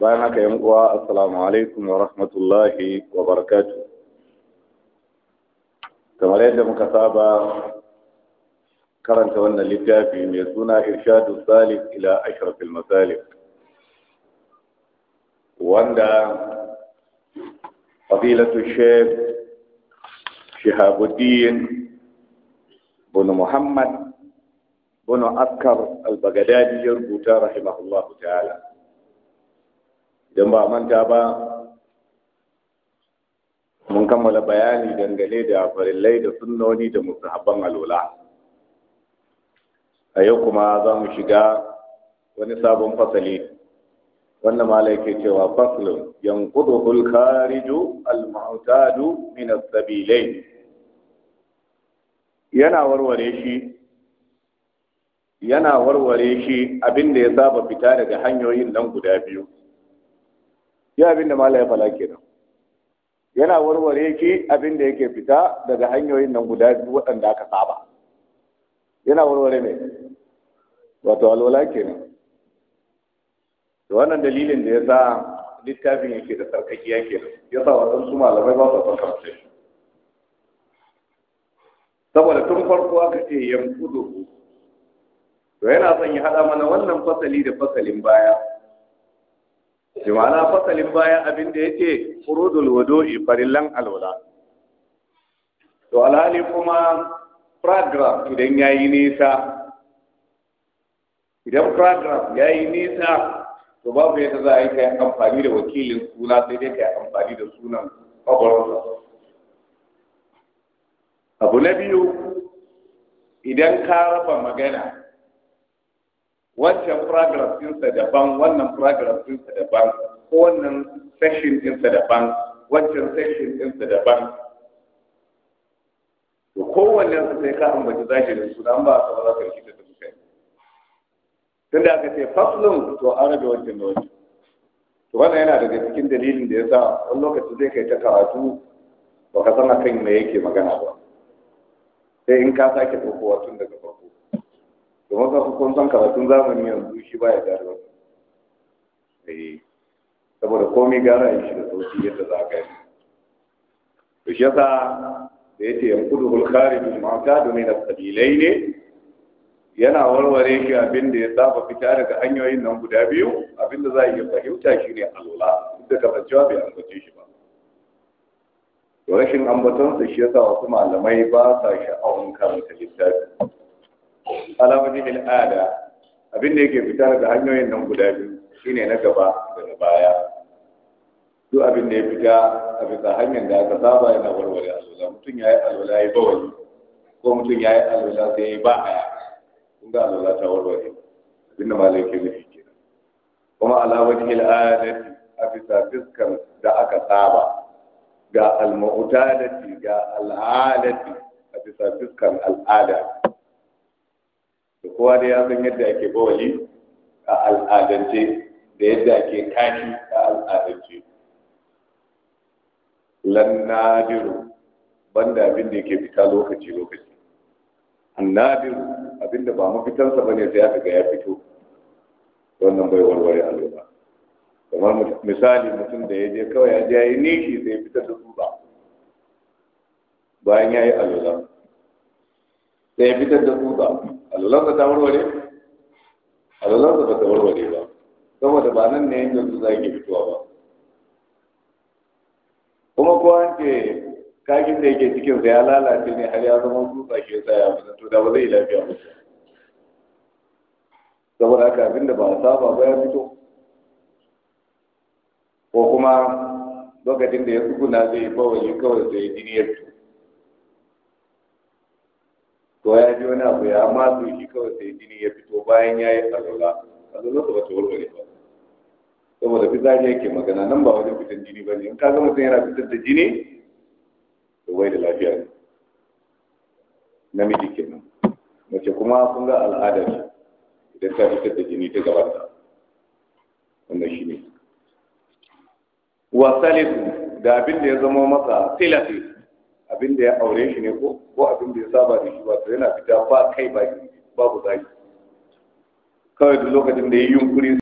bayan haka yan uwa assalamu alaikum wa rahmatullahi wa barakatu kamar yadda muka saba karanta wannan littafi mai suna irshadu salif ila ashrafil masalif wanda fadilatu shek shihabuddin bin muhammad bin askar al-baghdadi ya rubuta rahimahullahu ta'ala idan ba manta ba mun kammala bayani dangane da farillai da sunnoni da musahabban alula a yau kuma za mu shiga wani sabon fasali wanda malai ke cewa faslun yanqudu al-khariju al-mu'tadu min as-sabilain yana warware shi yana warware shi abin da ya saba fita daga hanyoyin nan guda biyu ya abin da mala ya fala nan. yana warware shi abin da yake fita daga hanyoyin nan guda biyu waɗanda aka saba yana warware mai wato alwala nan. da wannan dalilin da ya sa littafin yake da sarkakiya nan, ya sa waɗansu malamai ba su sarkakiya saboda tun farko aka ce yankudu to yana son ya haɗa mana wannan fasali da fasalin baya shi ma'ana fasalin baya abin da yake furudul wudu'i farillan alwala to alhali kuma program idan yayi nisa idan program yayi nisa to babu yadda za a yi kai amfani da wakilin suna sai dai kai amfani da sunan kwakwaronsa abu na biyu idan ka raba magana wancan paragraph ɗinsa daban wannan paragraph ɗinsa daban ko wannan session ɗinsa daban wancan session ɗinsa daban to kowanne su sai ka ambaci zaki da dan ba a sauran ka shi da kai tun tunda aka ce faslun to an rabe wancan da wancan to wannan yana daga cikin dalilin da ya sa wani lokaci zai kai ta karatu ba ka san akan me yake magana ba sai in ka sake ɗauko tun daga farko to ka kun san karatun zamani yanzu shi baya gano eh saboda komai gara ya shi da sauki yadda za ka yi to shi yasa da yace yankudu da mu'tadu da as ne? yana warware shi abin da ya saba fita daga hanyoyin nan guda biyu abin da za a iya fahimta shi ne alola duk da cewa bai ambace shi ba rashin ambatonsa shi yasa wasu malamai ba sa sha'awun karanta littafi ala wajhil abin da yake fita daga hanyoyin nan guda biyu shine na gaba da na baya duk abin da ya fita a bisa hanyar da aka saba yana warware alwala mutum ya yi alwala ya bawali ko mutum ya yi alwala sai ya yi baya, kun ga alwala ta warware abin da malai ke nufi kenan kuma ala wajhil adati a bisa fiskar da aka saba ga al-mu'tadati ga al-adati a bisa fiskan al'ada kowa da ya san yadda ake bawali a al'adance da yadda ake kashi a al'adance lannadiru banda abin da yake fita lokaci lokaci annadir abin da ba mafitansa ba ne sai aka ga ya fito wannan bai warware alwala kamar misali mutum da ya je kawai ya je ya yi nishi sai fita da tsutsa bayan ya yi alwala sai ya fitar da tsutsa alwalansa ta warware alwalansa ba ta warware ba saboda ba nan ne yankin tsutsa yake fitowa ba kuma ko an kakin da yake cikin sa ya lalace ne har ya zama tsutsa ke sa ya fita da ba zai lafiya ba saboda haka da ba a saba ba ya fito ko kuma lokacin da ya tsuguna zai bawai kawai sai jini ya fito to ya ji wani abu ya matsu shi kawai sai jini ya fito bayan ya yi a alwala ba ta warware ba saboda fitsari yake magana nan ba wajen fitar jini ba ne in ka zama sun yana fitar da jini to wai da lafiya ne namiji kenan mace kuma kun ga al'ada ce idan ta fitar da jini ta gabata wannan shi ne wa salisu da abin da ya zama masa tilafi abin da ya aure shi ne ko ko abin da ya saba da shi ba to yana fita ba kai ba babu zaki kawai duk lokacin da ya yi yunkuri